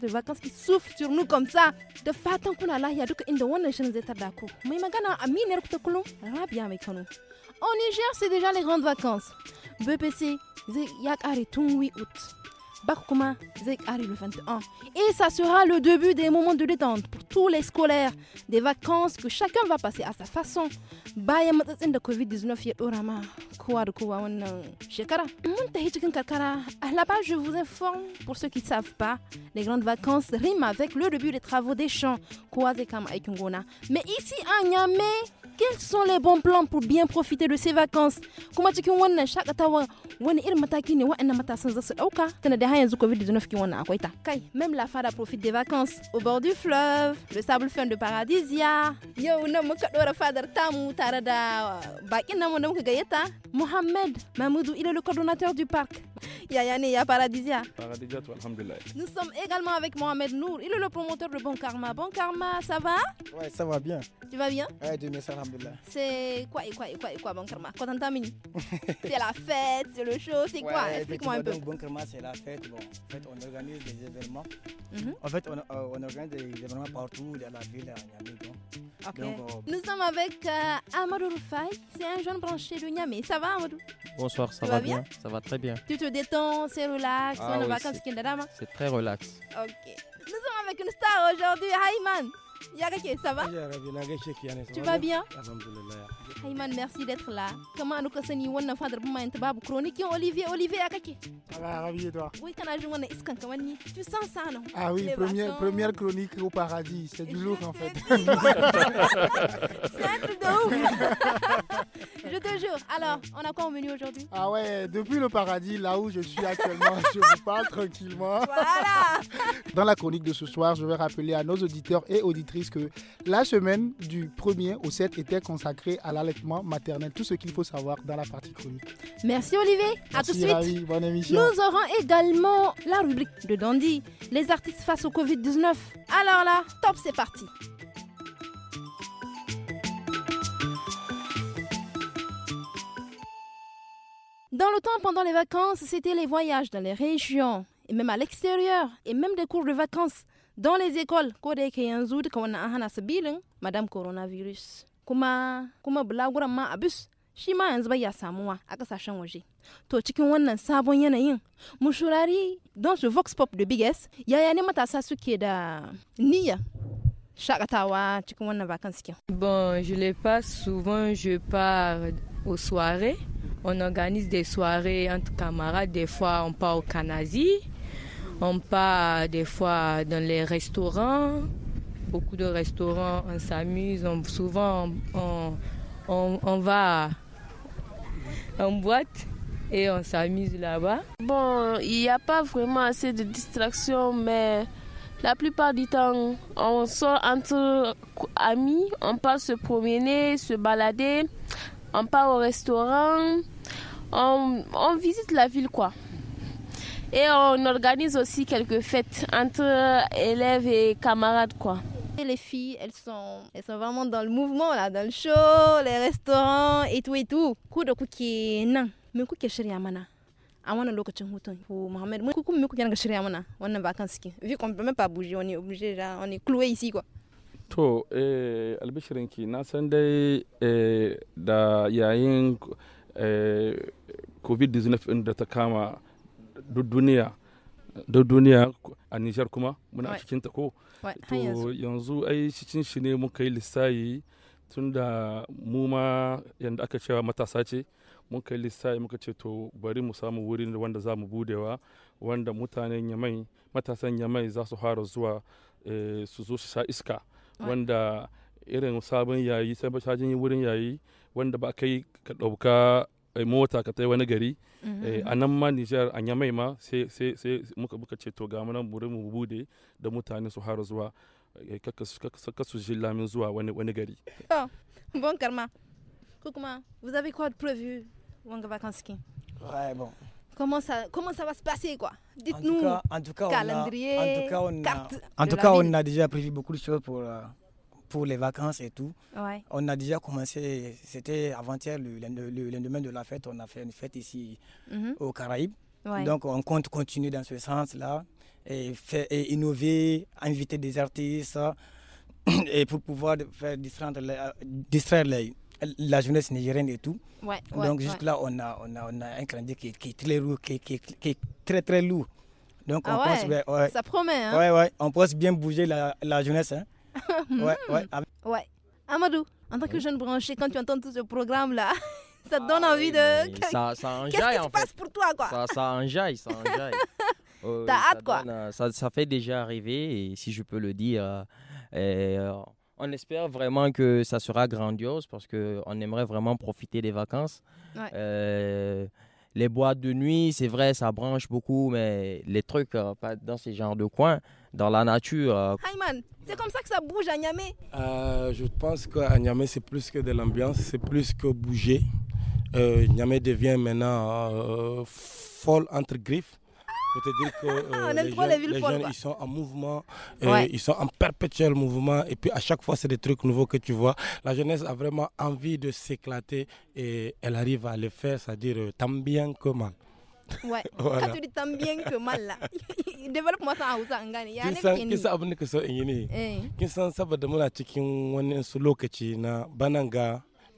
de vacances qui souffrent sur nous comme ça De fatan kuna lahiya duka inda wannan shirin zai tarda ku mai magana aminiyar ku ta kullum rabia avec nous au niger c'est déjà les grandes vacances bpc zai ya kare tun 8 août bac kuma zai le 21 et ça sera le début des moments de détente tous les scolaires, des vacances que chacun va passer à sa façon. Bayan de da COVID-19 ya dora ma kowa da kowa wannan shekara. Mun tafi cikin karkara, là-bas je vous informe pour ceux qui ne savent pas, les grandes vacances riment avec le début des travaux des champs. Kowa kama Mais ici à Niamey, quels sont les bons plans pour bien profiter de ces vacances kuma cikin wannan shakatawa wani irin mataki ne wa'annan matasan za su dauka tana da yanzu covid-19 kin wannan akwai ta kai même la fada profite des vacances au bord du fleuve le sable fin de paradisia yau nan muka dora fadar tamu tare da uh, bakin namu da muka gayyata Mohamed Mamoudou, il est le coordonnateur du parc Yayane ya paradisia paradisia toi alhamdulillah nous sommes également avec Mohamed Nour il est le promoteur de Bon Karma Bon Karma ça va ouais ça va bien tu vas bien ouais mes merci c'est quoi et quoi et quoi et quoi, bon karma Quand mini C'est la fête, c'est le show, c'est quoi Explique-moi un peu. bon karma, c'est la fête. Bon, en fait, on organise des événements. Mm-hmm. En fait, euh, on, organise des événements partout dans la ville, Donc, euh, Nous sommes avec euh, Amadou Rufai, c'est un jeune branché de Niamey. Ça va, Amadou Bonsoir, ça va, bien, Ça va très bien. Tu te détends, c'est relax, ah, on oui, vacances, C'est très relax. Ok. Nous sommes avec une star aujourd'hui, Hayman. Ya ça va Tu vas bien Alhamdulillah. merci d'être là. Comment nous sommes venus à faire mayin babu chronique Olivier Olivier ya kake toi. Oui quand iskan Tu sens ça non Ah oui, première première chronique au paradis, c'est du lourd en fait. c'est un truc de ouf. Je te jure. Alors, on a quoi au menu aujourd'hui Ah ouais, depuis le paradis, là où je suis actuellement, je vous parle tranquillement. Voilà. Dans la chronique de ce soir, je vais rappeler à nos auditeurs et auditeurs que la semaine du 1er au 7 était consacrée à l'allaitement maternel, tout ce qu'il faut savoir dans la partie chronique. Merci Olivier, à tout de suite. bonne émission. Nous aurons également la rubrique de Dandy, les artistes face au Covid-19. Alors là, top, c'est parti. Dans le temps, pendant les vacances, c'était les voyages dans les régions, et même à l'extérieur, et même des cours de vacances dans les écoles ko da yake duka wannan an hana se madam coronavirus kuma kuma bulaguran ma abus shi ma yanzu bai ya samuwa a kasashen waje to cikin wannan sabon yanayin mushurari don su vox pop de biggest ya ne matasa suke da niyya shakatawa cikin wannan vacances bon je les passe souvent je pars aux soirées on organise des soirées entre camarades des fois on part au Canasi on part des fois dans les restaurants. Beaucoup de restaurants, on s'amuse. On, souvent, on, va en boîte et on s'amuse là-bas. Bon, il n'y a pas vraiment assez de distractions, mais la plupart du temps, on sort entre amis, on part se promener, se balader, on part au restaurant, on visite la ville quoi. Et on organise aussi quelques fêtes entre élèves et camarades, quoi. les filles, elles sont, elles sont vraiment dans le mouvement, là, dans le show, les restaurants et tout et tout. a wannan lokacin hutun hôtel. Mohamed mun kuku Amana, on shirya mana vacances ici. Vu qu'on ne peut même pas bouger on est obligé là on est cloué ici quoi to eh albishirin ki na san dai eh da yain, eh covid-19 dans la ta duk duniya duk duniya a Nijar kuma muna cikin ta ko to yanzu ai cikin shi ne muka yi lissayi tun da mu ma yanda aka cewa matasa ce muka yi lissayi muka ce to bari mu samu wurin wanda za mu budewa wanda mutanen yamai matasan yamai za su fara zuwa eh, su zo su sha iska wanda irin sabon yayi sai ba wurin yayi wanda ba kai ka ɗauka Eh, mota ka wani gari mm-hmm. eh, ma a Oh, bon karma. vous avez quoi de prévu Wanga vacances bon. Comment ça, comment ça va se passer quoi Dites-nous. En tout cas, en on a, déjà prévu beaucoup de choses pour. Euh, pour les vacances et tout. On a déjà commencé, c'était avant-hier, le, lendemain de la fête, on a fait une fête ici mhm. au Caraïbe, Caraïbes. Donc on compte continuer dans ce sens-là et, faire, et innover, inviter des artistes hein, et pour pouvoir faire distraire, la jeunesse nigérienne et tout. Donc jusque-là, on, a, on, a, un calendrier qui, est très très lourd. Donc ah on pense, ça promet. Hein? on pense bien bouger la, la jeunesse. Hein? ouais, ouais. Hmm. Ah ouais. Amadou, en tant que jeune branché, quand tu entends tout ce programme-là, ça te ah donne envie de. Ça, ça enjaille, Qu'est-ce passe pour toi, quoi Ça, enjaille, ça enjaille. T'as hâte, quoi euh, ça, ça, fait déjà arriver, et si je peux le dire. Euh, euh, on espère vraiment que ça sera grandiose parce qu'on aimerait vraiment profiter des vacances. Ouais les boîtes de nuit, c'est vrai, ça branche beaucoup, mais les trucs, euh, pas dans ces genres de coin, dans la nature. Euh... c'est comme ça que ça bouge à Niamey euh, Je pense qu'à Niamey, c'est plus que de l'ambiance, c'est plus que bouger. Euh, Niamey devient maintenant folle entre griffes. On te dire que euh, les, ils sont en mouvement, ils sont en perpétuel mouvement. Et puis à chaque fois, c'est des trucs nouveaux que tu vois. La jeunesse a vraiment envie de s'éclater et elle arrive à le faire, c'est-à-dire euh, tant bien que mal. Ouais. Quand tu dis tant bien que mal là, moi ça en Hausa en Ghana. Kin san kin que abin da ka so muna cikin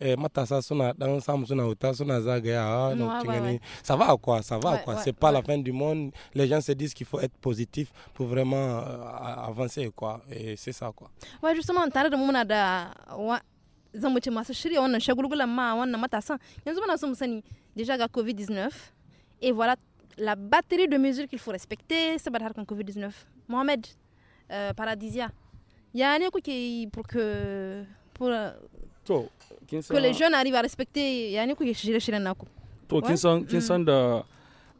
eh, matasa suna ça va quoi ça va quoi c'est pas la fin du monde les gens se disent qu'il faut être positif pour vraiment euh, avancer quoi et c'est ça quoi ouais justement da ma yanzu sani déjà ga covid 19 et voilà la batterie de mesures qu'il faut respecter c'est badar kan covid 19 Mohamed euh, paradisia ya ne pour que pour euh, to kin san le jeune arrive à respecter yani kuke shirye-shiryen naku to kin san kin mm. san da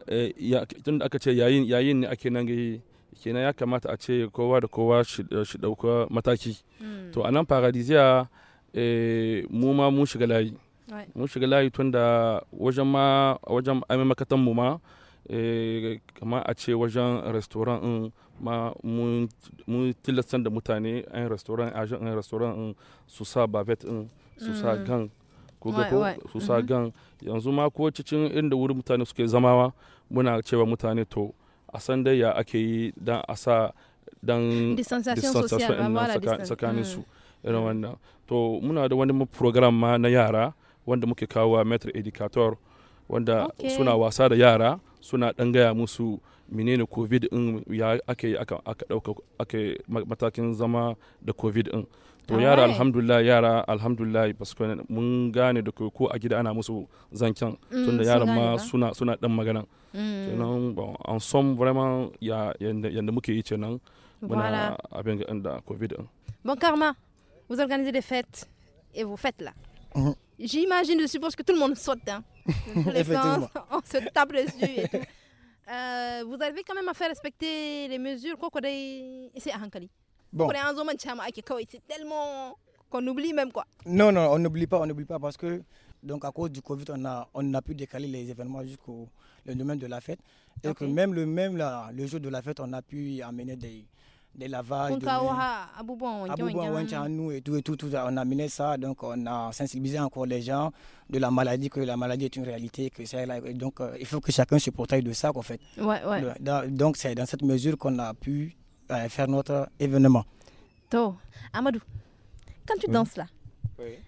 eh, tun da aka ce yayin yayin ne ake nan gai kenan ya kamata a ce kowa da kowa shi dauka mataki mm. to a nan paradisiya eh, mu ma mun shiga layi mun shiga layi tun da wajen ma wajen makatan mu ma Eh, kamar a ce wajen restaurant in ma mun tilastan da mutane ayin restaurant ajan yan restaurant in su sa bavet in su sa mm. gan ko su sa mm-hmm. gan yanzu ma ko cikin inda wuri mutane suke zamawa muna cewa mutane to a san dai ya ake yi dan a sa dan distanciation tsakanin su mm. irin wannan to muna da wani program ma na yara wanda muke kawo metro educator wanda suna wasa da yara suna dan gaya musu menene covid din ya aka aka dauka ake matakin zama da covid din to yara alhamdulillah yara alhamdulillah mun gane da ko a gida ana musu zancen mm, tunda yaran ma suna suna dan magana mm. kenan an som vraiment ya yadda muke yi kenan muna abin da covid din bon karma vous organisez des fêtes et vous faites là mm-hmm. j'imagine je suppose que tout le monde saute hein? on se tape dessus et euh, vous arrivez quand même à faire respecter les mesures. C'est hankali. Bon. C'est tellement qu'on oublie même quoi. Non, non, on n'oublie pas, on n'oublie pas parce que donc à cause du Covid, on a, on a pu décaler les événements jusqu'au le domaine de la fête. Et même, le, même là, le jour de la fête, on a pu amener des, des lavages. De on on a mené ça, donc on a sensibilisé encore les gens de la maladie, que la maladie est une réalité, que c'est donc euh, il faut que chacun se protège de ça, en fait. donc c'est dans cette mesure qu'on a pu euh, faire notre événement. To, Amadou, quand tu danses là,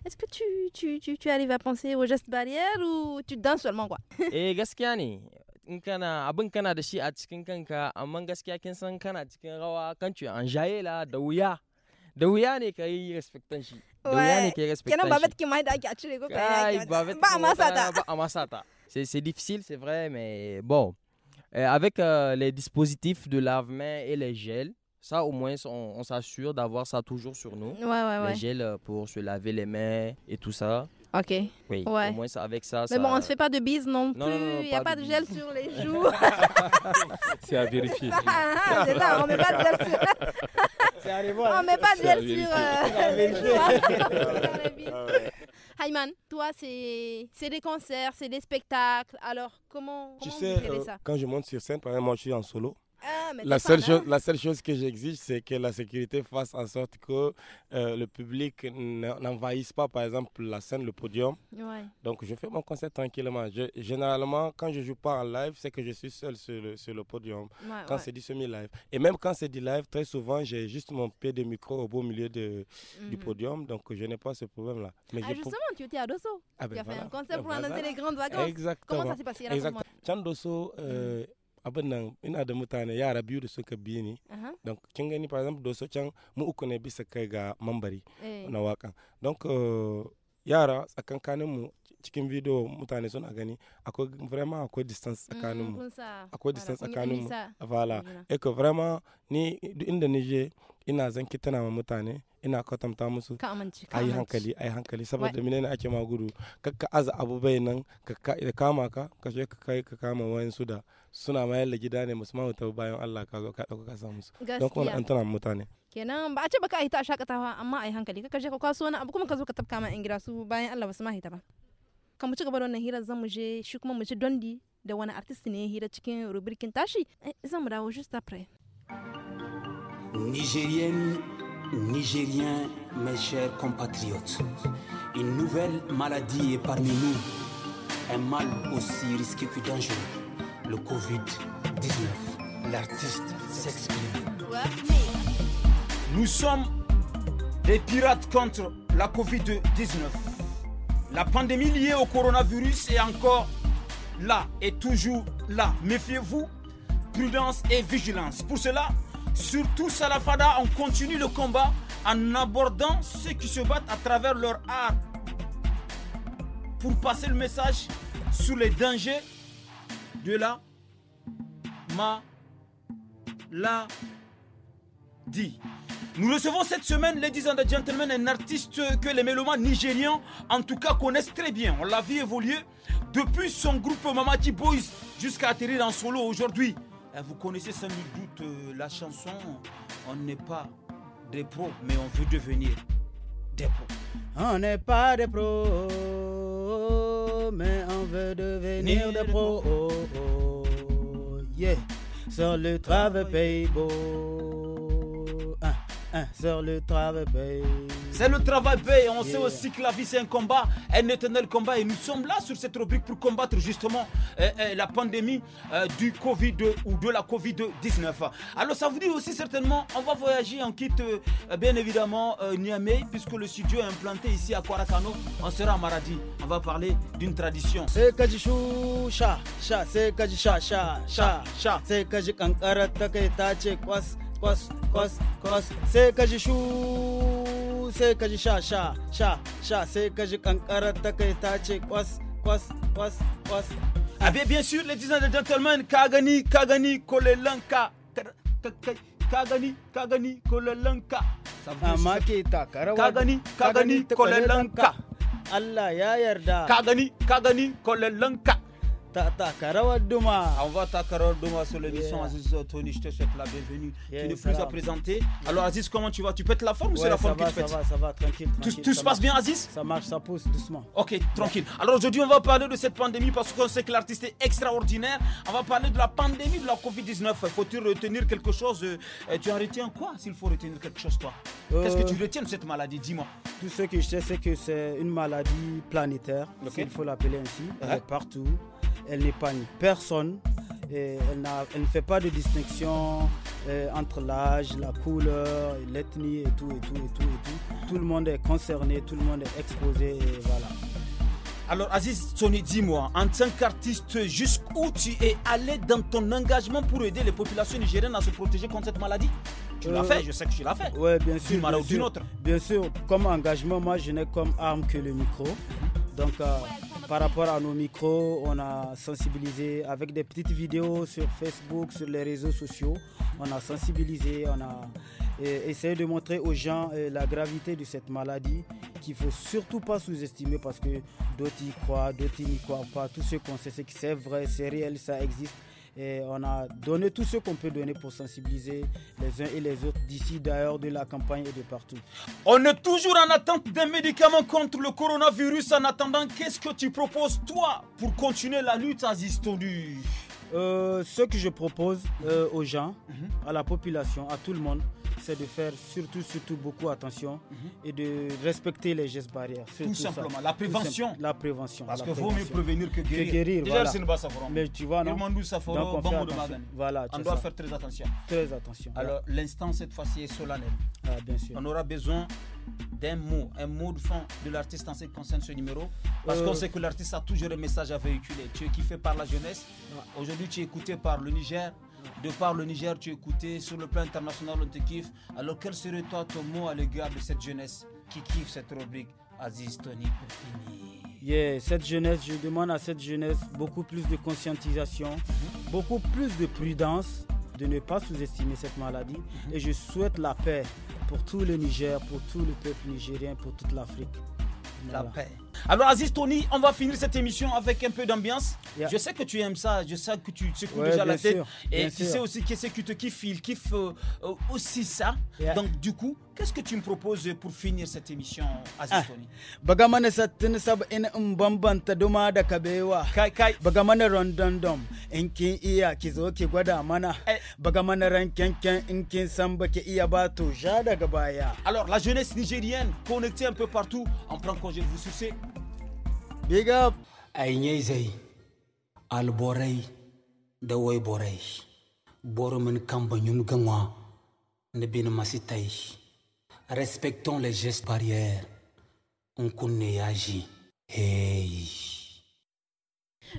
Est-ce que tu, tu, arrives à penser aux gestes barrières ou tu danses seulement quoi Et eh, Gaskiani, in kana abin kana da shi a cikin kanka amma gaskiya kin san kana cikin rawa kan ce an jayela da wuya da wuya ne ka yi respectan shi da wuya ne ka yi respectan shi kenan ki mai da ake a cire ko kai ba a masa ta ba a masa ta c'est difficile c'est vrai mais bon euh, avec euh, les dispositifs de lave-main et les gels ça au moins on, on s'assure d'avoir ça toujours sur nous ouais, ouais, les ouais. gels euh, pour se laver les mains et tout ça OK. Oui, au moins ça, avec ça. Mais bon, on ne se fait pas de bise non, plus. Il n'y a pas, de, gel sur les joues. c'est à vérifier. Ah, ah, ah, c'est ça, on ne met pas de gel sur. on met pas de gel sur les joues. Hayman, toi, c'est des concerts, c'est des spectacles. Alors, comment, comment tu sais, euh, Quand je monte sur scène, par exemple, je suis en solo. Ah, la, seule chose, la seule chose que j'exige, c'est que la sécurité fasse en sorte que euh, le public n'envahisse pas, par exemple, la scène, le podium. Donc, je fais mon concert tranquillement. généralement, quand je joue pas en live, c'est que je suis seul sur le, podium. quand c'est du semi-live. Et même quand c'est du live, très souvent, j'ai juste mon pied de micro au beau milieu de, du mhm. podium. Donc, je n'ai pas ce problème-là. Mais ah, justement, tu étais à Dosso. Ah, ben tu as fait un concert pour annoncer les grandes vacances. Exactement. Comment ça s'est passé Exactement. Chandoso, mhm. euh, abin nan ina da mutane yara biyu da suka bi ni don kin gani for example doso can mu uku ne bisa kai ga mambari eh. na wakan don yara tsakankanin mu cikin video mutane suna gani akwai vraiment akwai distance mm-hmm, tsakanin mu akwai distance tsakanin mu fala eko eh vraiment ni duk inda ni je ina zanki tana ma mutane ina kwatanta musu a yi hankali a yi hankali saboda mine ne ake ma gudu kakka aza abu bai nan ka kama ka ka ka kai ka kama wayansu da suna mayar da gida ne musamman ta bayan Allah ka zo ka dauka ka samu su don kuma an tana mutane kenan ba a ce baka yi ta shakatawa amma a yi hankali ka je ka kwaso wani abu kuma ka zo ka tafka ma yan gida su bayan Allah ba su mahita ba kan mu ci gaba da wannan hirar zan mu je shi kuma mu ci dondi da wani artist ne hira cikin rubrikin tashi eh, zan mu dawo just après Nigérienne, Nigérien, mes chers compatriotes, une nouvelle maladie est parmi nous, un mal aussi risqué que dangereux le Covid-19. L'artiste s'exprime. Nous sommes des pirates contre la Covid-19. La pandémie liée au coronavirus est encore là et toujours là. Méfiez-vous, prudence et vigilance. Pour cela, surtout Salafada, on continue le combat en abordant ceux qui se battent à travers leur art pour passer le message sur les dangers de la dit. Nous recevons cette semaine, ladies and gentlemen, un artiste que les mélomanes nigérians, en tout cas, connaissent très bien. On l'a vu évoluer depuis son groupe Mamadi Boys jusqu'à atterrir en solo aujourd'hui. Eh, vous connaissez sans doute euh, la chanson On n'est pas des pros, mais on veut devenir des pros. On n'est pas des pros mais on veut devenir des pros. Oh, oh, oh, yeah. Sur le travail pay beau. sur le travail pay c'est le travail paye. On sait aussi que la vie, c'est un combat, un éternel combat. Et nous sommes là sur cette rubrique pour combattre justement euh, euh, la pandémie euh, du Covid ou de la Covid-19. Alors, ça vous dit aussi certainement, on va voyager en quitte, bien évidemment, Niamey, puisque le studio est implanté ici à Kwarakano. On sera à Maradi. On va parler d'une tradition. C'est Kajichou, cha, cha, c'est cha, cha, cha, c'est Kajikankara, Kwas, Kwas, Kwas, c'est Kajichou sai ka ji sha sha sha sha sai ka ji kankarar ta kai ta ce kwas kwas kwas kwas a bien sûr les disant de gentlemen ka gani ka gani kolelanka ka gani ka gani kolelanka amma ke takarawa ka gani ka gani kolelanka Allah ya yarda ka gani ka gani kolelanka On va ta Duma sur l'émission Aziz Tony. Je te souhaite la bienvenue. tu nous plus à présenter. Mm. Alors Aziz, comment tu vas Tu pètes la forme ou c'est la forme que tu Ça va, ça va, tranquille. tout, se passe bien Aziz Ça marche, ça pousse doucement. Ok, tranquille. Alors aujourd'hui, on va parler de cette pandémie parce qu'on sait que l'artiste est extraordinaire. On va parler de la pandémie de la Covid-19. Faut-il retenir quelque chose euh, Tu en retiens quoi s'il faut retenir quelque chose toi euh, Qu'est-ce que tu retiens de cette maladie Dis-moi. Tout ce que je sais, c'est que c'est une maladie planétaire, Il faut l'appeler ainsi. partout elle n'épargne personne. Et elle, elle, ne fait pas de distinction euh, entre l'âge, la couleur, l'ethnie et tout, et tout, et tout, et tout. Tout le monde est concerné, tout le monde est exposé, voilà. Alors Aziz Tony, dis-moi, en tant qu'artiste, jusqu'où tu es allé dans ton engagement pour aider les populations nigériennes à se protéger contre cette maladie Tu l'as euh, fait, je sais que tu l'as fait. Oui, bien sûr. D'une manière ou d'une autre. Bien sûr, comme engagement, moi je n'ai comme arme que le micro. Donc... Euh, par rapport à nos micros, on a sensibilisé avec des petites vidéos sur Facebook, sur les réseaux sociaux. On a sensibilisé, on a essayé de montrer aux gens euh, la gravité de cette maladie qu'il faut surtout pas sous-estimer parce que d'autres y croient, d'autres n'y croient pas. Tout ce qu'on sait, c'est que c'est vrai, c'est réel, ça existe. Et on a donné tout ce qu'on peut donner pour sensibiliser les uns et les autres d'ici, d'ailleurs, de la campagne et de partout. On est toujours en attente des médicaments contre le coronavirus. En attendant, qu'est-ce que tu proposes, toi, pour continuer la lutte à euh, ce que je propose euh, aux gens, mhm. à la population, à tout le monde, c'est de faire surtout, surtout beaucoup attention mhm. et de respecter les gestes barrières. Tout simplement, la prévention. la prévention. Parce qu'il que vaut mieux prévenir que guérir. Déjà, c'est une Mais tu vois, non Donc, on, voilà, on doit faire très attention. Très attention. Alors, l'instant, cette fois-ci, est solennel. Ah, bien sûr. On aura besoin d'un mot, un mot de fond de l'artiste en ce qui concerne ce numéro. Parce qu'on euh, sait que l'artiste a toujours un message à véhiculer. Tu es kiffé par la jeunesse. Aujourd'hui, tu es écouté par le Niger, de par le Niger, tu écoutes sur le plan international, on te kiffe. Alors quel serait toi ton mot à l'égard de cette jeunesse qui kiffe cette rubrique Aziz Tony pour finir Yeah, cette jeunesse, je demande à cette jeunesse beaucoup plus de conscientisation, mm-hmm. beaucoup plus de prudence, de ne pas sous-estimer cette maladie. Mm-hmm. Et je souhaite la paix pour tout le Niger, pour tout le peuple nigérien, pour toute l'Afrique. La paix. Alors Aziz Tony, on va finir cette émission avec un peu d'ambiance. Je sais que tu aimes ça, je sais que tu secoues déjà la tête. et tu sais aussi qui ce que tu kiffes, il kiffe aussi ça. Donc du coup, qu'est-ce que tu me proposes pour finir cette émission, Aziz ah. Tony Alors la jeunesse nigérienne connectée un peu partout, on prend congé de vous soucier... Big up. Ay zay. Al borei. Da woy borei. Boromen kamba nyum gangwa. Nebin masitai. Respectons les gestes barrières. On connaît agi. Hey.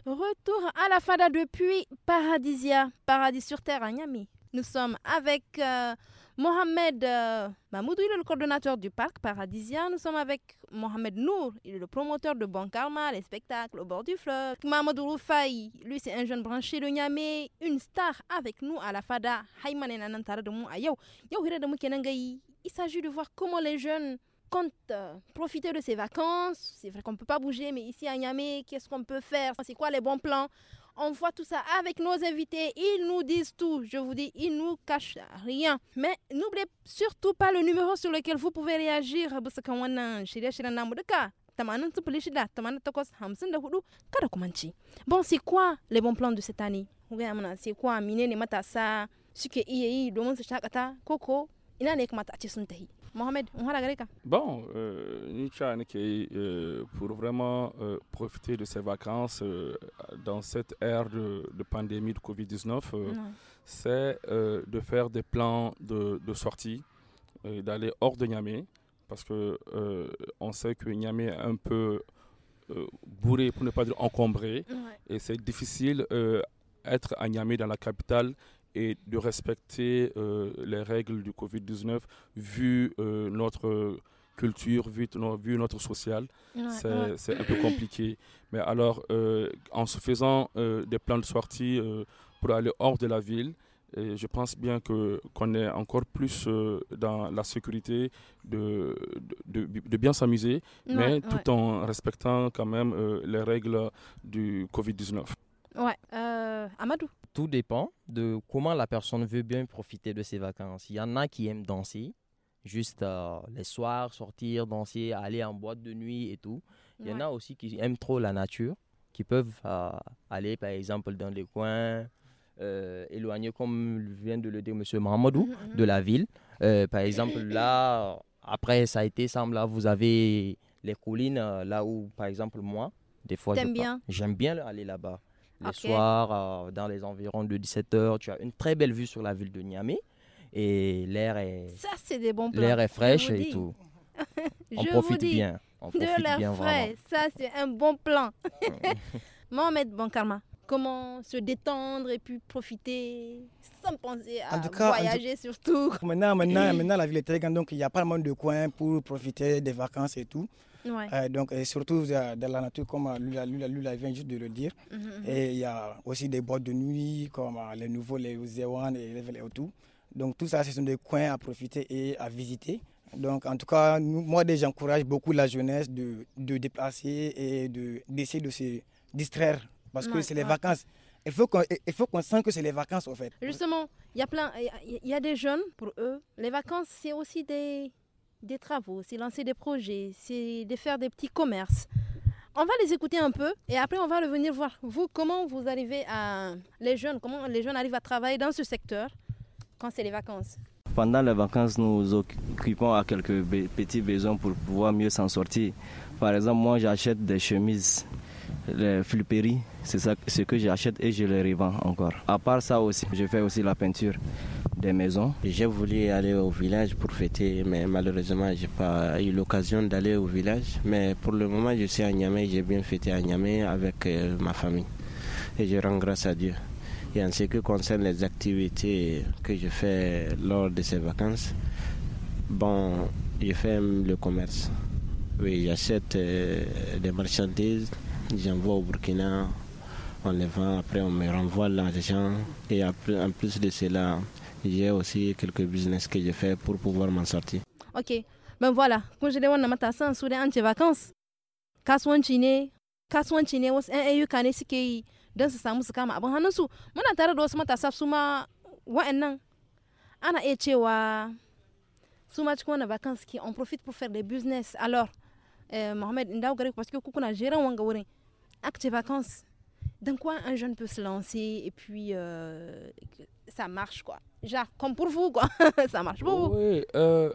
Retour à la fada depuis Paradisia, paradis sur terre à Niamey. Nous sommes avec euh, Mohamed euh, il est le coordonnateur du parc paradisien. Nous sommes avec Mohamed Nour, il est le promoteur de Bon Karma, les spectacles au bord du fleuve. Mohamed Roufaï, lui c'est un jeune branché de Niamey, une star avec nous à la FADA. Il s'agit de voir comment les jeunes comptent euh, profiter de ces vacances. C'est vrai qu'on ne peut pas bouger, mais ici à Niamey, qu'est-ce qu'on peut faire C'est quoi les bons plans on voit tout ça avec nos invités. Ils nous disent tout. Je vous dis, ils nous cachent rien. Mais n'oubliez surtout pas le numéro sur lequel vous pouvez réagir. Bon, c'est quoi les bons plans de cette année C'est quoi Mine Mohamed, on va Bon, euh, euh, pour vraiment euh, profiter de ces vacances euh, dans cette ère de, pandémie de Covid-19, c'est de faire des plans de, de sortie, d'aller hors de Niamey, parce que on sait que Niamey est un peu bourré, pour ne pas dire encombré, et c'est difficile être à Niamey dans la capitale et de respecter euh, les règles du Covid-19 vu euh, notre culture, vu, notre social. c'est un peu compliqué. Mais alors, euh, en se faisant des plans de sortie pour aller hors de la ville, je pense bien que qu'on est encore plus dans la sécurité de, bien s'amuser, mais tout en respectant quand même les règles du Covid-19. Ouais. Euh, Amadou Tout dépend de comment la personne veut bien profiter de ses vacances. Il y en a qui aiment danser, juste euh, les soirs, sortir, danser, aller en boîte de nuit et tout. Il y en a aussi qui aiment trop la nature, qui peuvent euh, aller par exemple dans les coins éloignés, comme vient de le dire M. Mahamadou, mm, mm, mm. de la ville. par exemple, là, après ça a été, semble, là, vous avez les collines, là où par exemple moi, des fois, j'aime bien. bien aller là-bas. Le soir, euh, dans les environs de 17h, tu as une très belle vue sur la ville de Niamey. Et l'air est. Ça, c'est des bons plans. L'air est fraîche et tout. on Je profite bien. On de l'air frais. Ça, c'est un bon plan. Mohamed karma comment se détendre et puis profiter sans penser à voyager surtout. Maintenant, maintenant, maintenant, la ville est très grande, donc il n'y a pas mal de coins pour profiter des vacances et tout. Euh, donc, et surtout dans la nature, comme euh, Lula, Lula, Lula vient juste de le dire. Mm-hmm, mm-hmm. Et il y a aussi des boîtes de nuit, comme euh, les nouveaux, les Zéwan et les tout. Donc, tout ça, ce sont des coins à profiter et à visiter. Donc, en tout cas, nous, moi, j'encourage beaucoup la jeunesse de, de déplacer et d'essayer de se distraire parce que c'est les vacances. Il faut qu'on sent sente que c'est les vacances, en fait. Justement, il y a plein, il y, a des jeunes, pour eux, les vacances, c'est aussi des, des travaux, c'est lancer des projets, c'est de faire des petits commerces. On va les écouter un peu et après on va venir voir vous comment vous arrivez à les jeunes, comment les jeunes arrivent à travailler dans ce secteur quand c'est les vacances. Pendant les vacances, nous occupons à quelques petits besoins pour pouvoir mieux s'en sortir. Par exemple, moi j'achète des chemises les flipperies, c'est ça, ce que j'achète et je les revends encore. À part ça aussi, je fais aussi la peinture des maisons. J'ai voulu aller au village pour fêter, mais malheureusement, j'ai pas eu l'occasion d'aller au village. Mais pour le moment, je suis à Niamey, j'ai bien fêté à Niamey avec euh, ma famille. Et je rends grâce à Dieu. Et en ce qui concerne les activités que je fais lors de ces vacances, bon, je fais le commerce. Oui, j'achète euh, des marchandises j'envoie au Burkina, on les vend, après on me renvoie l'argent. Et en plus de cela, j'ai aussi quelques business que j'ai fait pour pouvoir m'en sortir. Ok, ben voilà, quand je wannan matasan su dai an ce vacances kasuwanci ne kasuwanci chine wasu 'yan ayyuka ne suke yi don su samu su kama abin hannunsu muna tare da wasu matasa su ma wa'annan ana iya cewa su ma cikin wannan vacances qui on profite pour faire des business alors euh, Mohamed Ndao gare parce que kuna jeran wanga wurin Acte vacances. Dans quoi un jeune peut se lancer et puis euh, ça marche quoi. Genre comme pour vous quoi, ça marche pour vous. Oui, euh,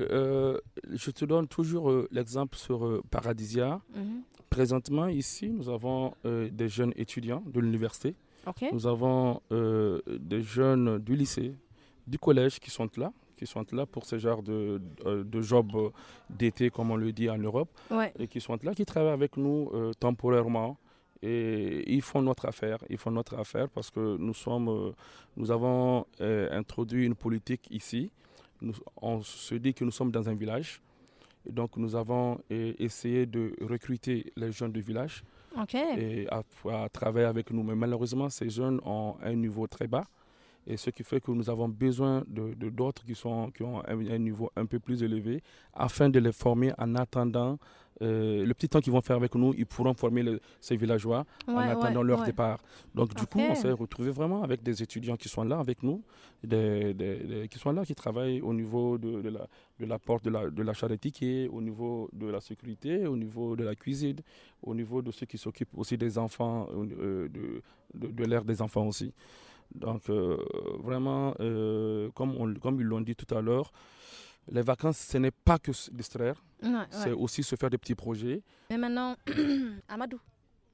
euh, je, te donne toujours l'exemple sur Paradisia. Mhm. Présentement ici, nous avons des jeunes étudiants de l'université. Nous avons des jeunes du lycée, du collège qui sont là qui sont là pour ce genre de, euh, de job d'été, comme on le dit en Europe, et qui sont là, qui travaillent avec nous euh, temporairement. Et ils font notre affaire, ils font notre affaire parce que nous, sommes, euh, nous avons introduit une politique ici. on se dit que nous sommes dans un village. Et donc nous avons essayé de recruter les jeunes du village et à travailler avec nous. Mais malheureusement, ces jeunes ont un niveau très bas et ce qui fait que nous avons besoin de, d'autres qui, sont, qui ont un, niveau un peu plus élevé afin de les former en attendant euh, le petit temps qu'ils vont faire avec nous, ils pourront former ces villageois en attendant leur départ. Donc du coup, on s'est retrouvé vraiment avec des étudiants qui sont là avec nous, qui sont là, qui travaillent au niveau de, la, porte de la, de l'achat des tickets, au niveau de la sécurité, au niveau de la cuisine, au niveau de ceux qui s'occupent aussi des enfants, euh, de, l'air des enfants aussi. Donc, euh, vraiment, euh, comme, comme ils l'ont dit tout à l'heure, les vacances, ce n'est pas que se distraire, c'est aussi se faire des petits projets. Mais maintenant, Amadou,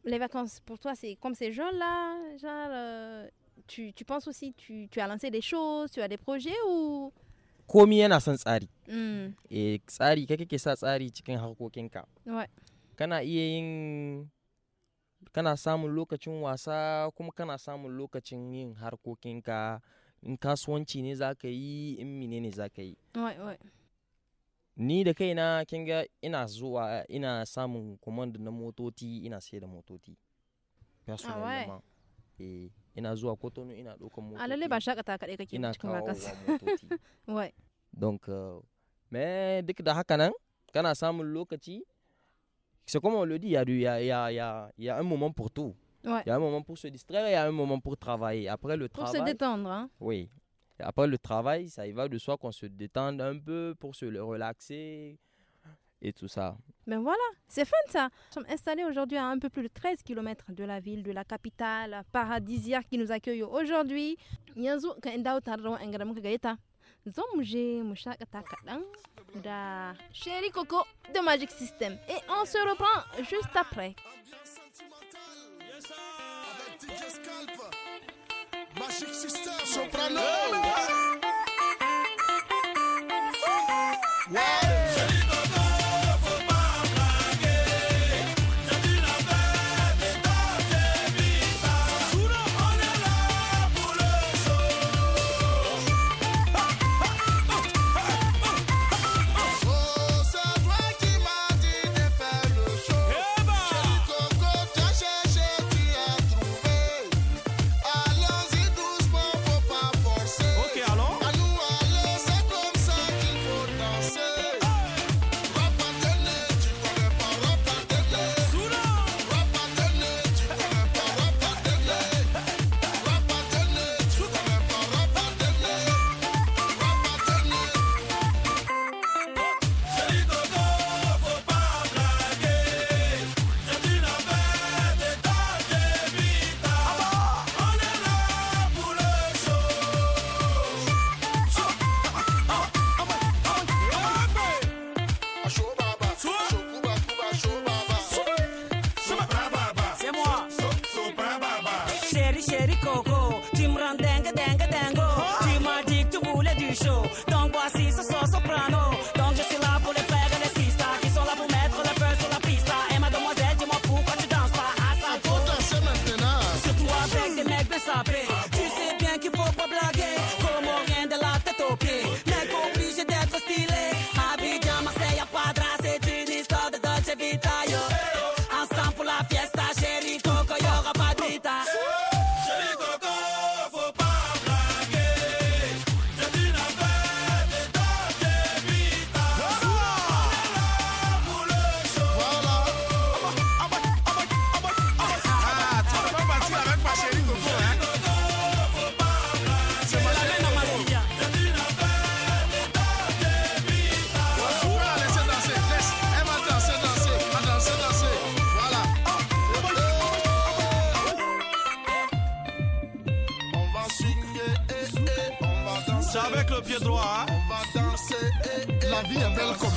les vacances, pour toi, c'est comme ces gens-là, genre, euh, tu, tu, penses aussi, tu, tu, as lancé des choses, tu as des projets ou... Komi yana son tsari. qui hmm. eh, tsari, kake tu sa tsari cikin harkokinka. Ouais. Kana a kana samun lokacin wasa kuma kana samun lokacin yin harkokinka in kasuwanci ne za ka yi in mine ne za ka yi ni da kaina kin ga ina zuwa ina samun command na motoci ina sai da motoci personal eh, ina zuwa kotonu ina ɗaukan motoci a lalle ba shakata kaɗai kake cikin don ka me duk da haka nan kana samun lokaci C'est comme on le dit, il y, a, il y, a, un moment pour tout. Il y a un moment pour se distraire et il y a un moment pour travailler. Après le travail. Pour se détendre. Hein. Oui. Après le travail, ça y va de soi qu'on se détende un peu pour se relaxer et tout ça. Mais ben voilà, c'est fun ça. Nous sommes installés aujourd'hui à un peu plus de 13 km de la ville, de la capitale paradisiaque qui nous accueille aujourd'hui. Zombie, mu je mu shakata kaɗan da sheri Coco de Magic System. Et on se reprend juste après.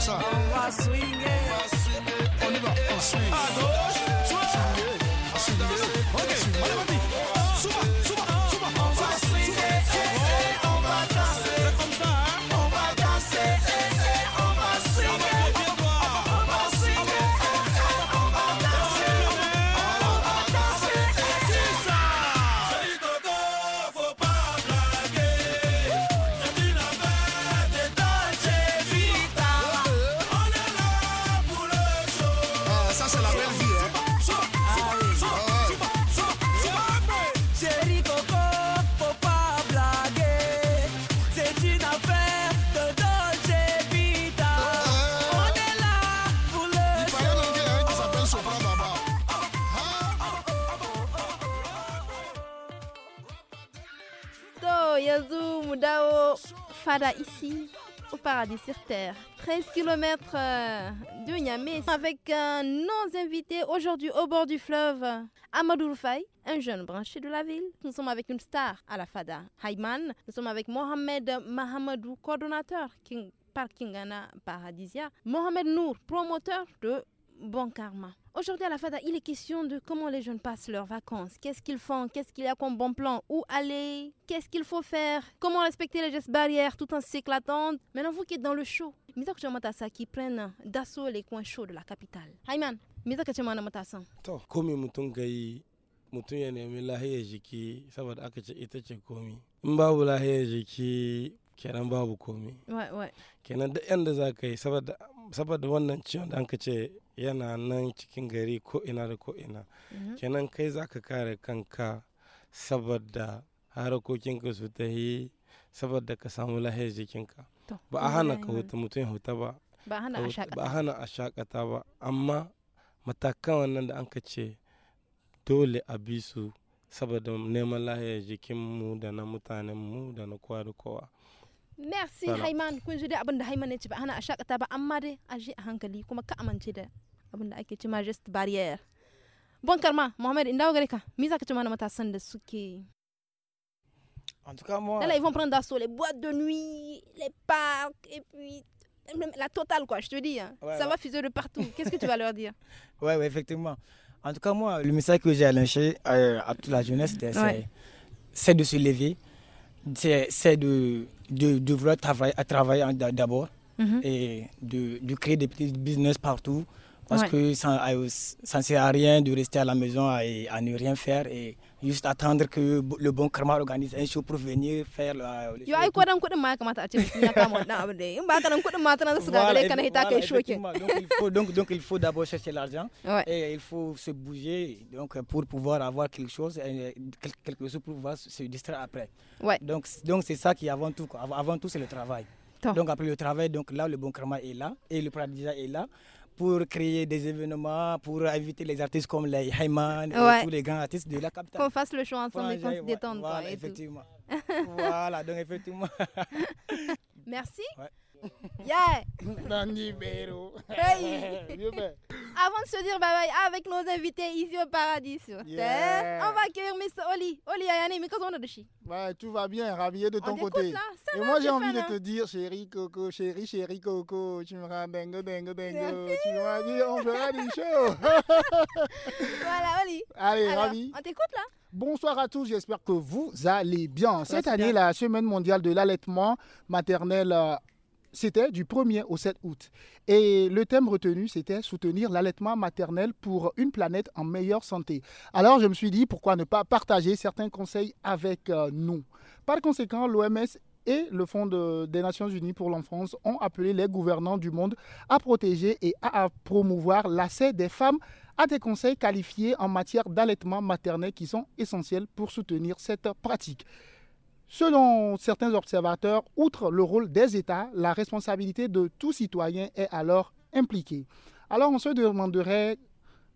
dança. ici, au paradis sur Terre. 13 km euh, de Niamey avec nos invités aujourd'hui au bord du fleuve. Amadou Rufai, un jeune branché de la ville. Nous sommes avec une star à la FADA, Hayman. Nous sommes avec Mohamed Mahamadou, coordonnateur King, par Kingana Paradisia. Mohamed Nour, promoteur de Bon Karma. Aujourd'hui à la FADA, il est question de comment les jeunes passent leurs vacances, qu'est-ce qu'ils font, qu'est-ce qu'il y a comme bon plan, où aller, qu'est-ce qu'il faut faire, comment respecter les gestes barrières tout en s'éclatant. Maintenant, vous qui êtes dans le show, Mizak Chamatasa qui prennent d'assaut les coins chauds de la capitale. Hayman, Mizak comme Komi Mutungai, Mutunya Nemi Lahia Jiki, Sabat Akacha Itache Komi. Mbabu Lahia Jiki, kenan babu komi Ouais, ouais. Kenan za ka ça saboda wannan ciwon da an ce yana nan cikin gari ko'ina da ko'ina mm-hmm. kenan kai za ka kare kanka saboda harakokinka su ta yi saboda ka samu lahiyar jikinka ba a hana ka huta mutum huta ba ba a hana a shakata ba amma matakan wannan da an ka ce dole a bi su saboda neman lahiyar jikinmu da na mutanenmu da na kowa da kowa Merci Haiman kun ji dai abin da Haiman ya ce ba ana shakata ba amma dai a ji a hankali kuma ka amince da abin da ake ce ma just barrier. Bon karma Mohamed in dawo gare ka me za ka ce mana matasan da suke En tout cas moi là ils vont prendre d'assaut les boîtes de nuit, les parcs et puis la totale quoi, je te dis hein. ça va fuser de partout. Qu'est-ce que tu vas leur dire Ouais ouais effectivement. En tout cas moi le message que j'ai à lâcher euh, à, toute la jeunesse c'est ouais. de se lever, c'est de de, vouloir travailler, à travailler d'abord mhm. et de, créer des petits business partout. Parce que ça ne sert à rien de rester à la maison et à ne rien faire juste attendre que le bon karma organise un show pour venir faire le... donc il faut d'abord chercher l'argent et il faut se bouger donc pour pouvoir avoir quelque chose euh, quelque chose pour pouvoir se distraire après donc donc c'est ça qui avant tout avant tout c'est le travail donc après le travail donc là le bon karma est là et le paradis est là pour créer des événements, pour inviter les artistes comme les Hayman, et tous les grands artistes de la capitale. Qu'on fasse le show ensemble et qu'on se détende. Voilà, et effectivement. Tout. voilà, donc effectivement. Merci. Ouais. Yeah! Hey. Avant de se dire bye bye avec nos invités ici au paradis on va accueillir Mr. Oli. Oli Ayane, mais comment on est Ouais, tout va bien, ravi de ton côté. Là, Et moi j'ai envie de te dire, chérie Coco, chérie, chérie Coco, tu me rends Tu m'as dit, on fera du show. voilà, Oli. Allez, ravi. On t'écoute là Bonsoir à tous, j'espère que vous allez bien. Cette année, la Semaine mondiale de l'allaitement maternel euh, c'était du 1er au 7 août. Et le thème retenu, c'était soutenir l'allaitement maternel pour une planète en meilleure santé. Alors je me suis dit, pourquoi ne pas partager certains conseils avec euh, nous Par conséquent, l'OMS et le Fonds des Nations Unies pour l'enfance ont appelé les gouvernants du monde à protéger et à promouvoir l'accès des femmes à des conseils qualifiés en matière d'allaitement maternel qui sont essentiels pour soutenir cette pratique. Selon certains observateurs, outre le rôle des États, la responsabilité de tout citoyen est alors impliquée. Alors on se demanderait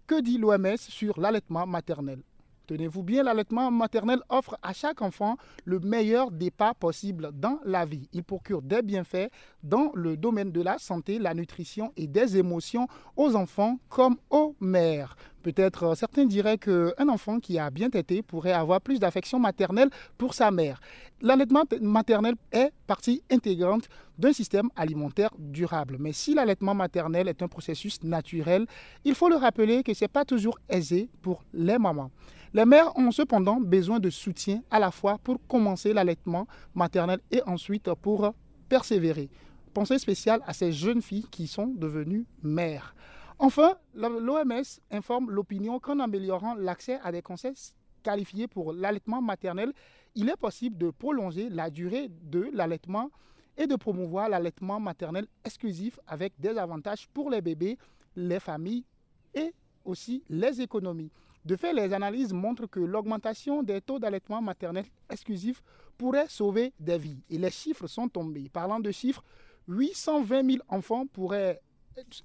que dit l'OMS sur l'allaitement maternel Tenez-vous bien, l'allaitement maternel offre à chaque enfant le meilleur départ possible dans la vie. Il procure des bienfaits dans le domaine de la santé, la nutrition et des émotions aux enfants comme aux mères. Peut-être certains diraient qu'un enfant qui a bien été pourrait avoir plus d'affection maternelle pour sa mère. L'allaitement maternel est partie intégrante d'un système alimentaire durable. Mais si l'allaitement maternel est un processus naturel, il faut le rappeler que ce n'est pas toujours aisé pour les mamans. Les mères ont cependant besoin de soutien à la fois pour commencer l'allaitement maternel et ensuite pour persévérer. Pensez spécial à ces jeunes filles qui sont devenues mères. Enfin, l'OMS informe l'opinion qu'en améliorant l'accès à des conseils qualifiés pour l'allaitement maternel, il est possible de prolonger la durée de l'allaitement et de promouvoir l'allaitement maternel exclusif avec des avantages pour les bébés, les familles et aussi les économies. De fait, les analyses montrent que l'augmentation des taux d'allaitement maternel exclusif pourrait sauver des vies. Et les chiffres sont tombés. Parlant de chiffres, 820 000 enfants pourraient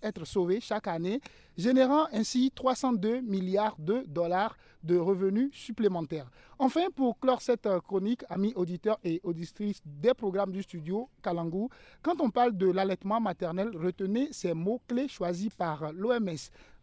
être sauvés chaque année, générant ainsi 302 milliards de dollars de revenus supplémentaires. Enfin, pour clore cette euh, chronique, amis auditeurs et auditrices des programmes du studio Kalangu, quand on parle de l'allaitement maternel, retenez ces mots-clés choisis par euh, l'OMS.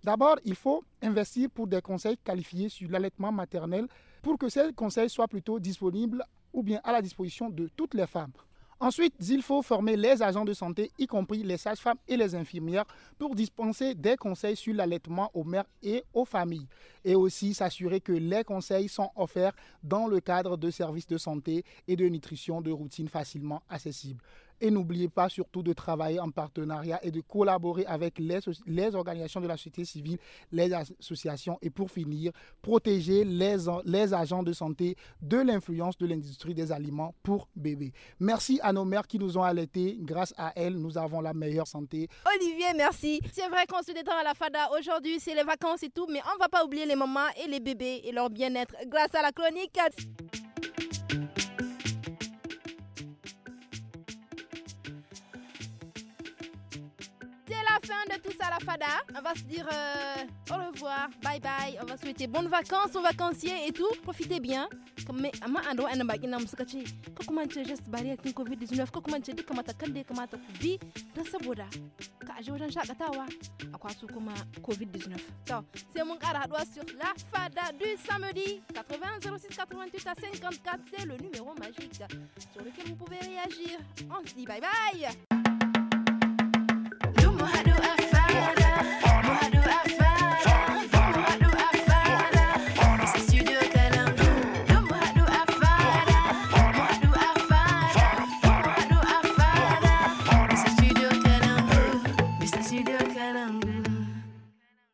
D'abord, il faut investir pour des conseils qualifiés sur l'allaitement maternel pour que ces conseils soient plutôt disponibles ou bien à la disposition de toutes les femmes. Ensuite, il faut former les agents de santé, y compris les sages-femmes et les infirmières, pour dispenser des conseils sur l'allaitement aux mères et aux familles. Et aussi s'assurer que les conseils sont offerts dans le cadre de services de santé et de nutrition de routine facilement accessibles. Et n'oubliez pas surtout de travailler en partenariat et de collaborer avec les, organisations de la société civile, les associations. Et pour finir, protéger les, les agents de santé de l'influence de l'industrie des aliments pour bébés. Merci à nos mères qui nous ont allaités. Grâce à elles, nous avons la meilleure santé. Olivier, merci. C'est vrai qu'on se détend à la FADA aujourd'hui, c'est les vacances et tout, mais on ne va pas oublier les mamans et les bébés et leur bien-être grâce à la chronique. fin de tout ça, la fada. On va se dire euh, au revoir, bye bye. On va souhaiter bonnes vacances aux vacanciers et tout. Profitez bien. Mais amma ando ana baki na pas comment ko kuma ce just avec kin covid 19 ko kuma ce duka matakan da ya kamata ku Quand tu saboda ka aje shakatawa a kwaso kuma covid 19. C'est mon cas à haduwa sur la fada du samedi 80 06 88 à 54 c'est le numéro magique sur lequel vous pouvez réagir. On se dit bye bye. Ahora,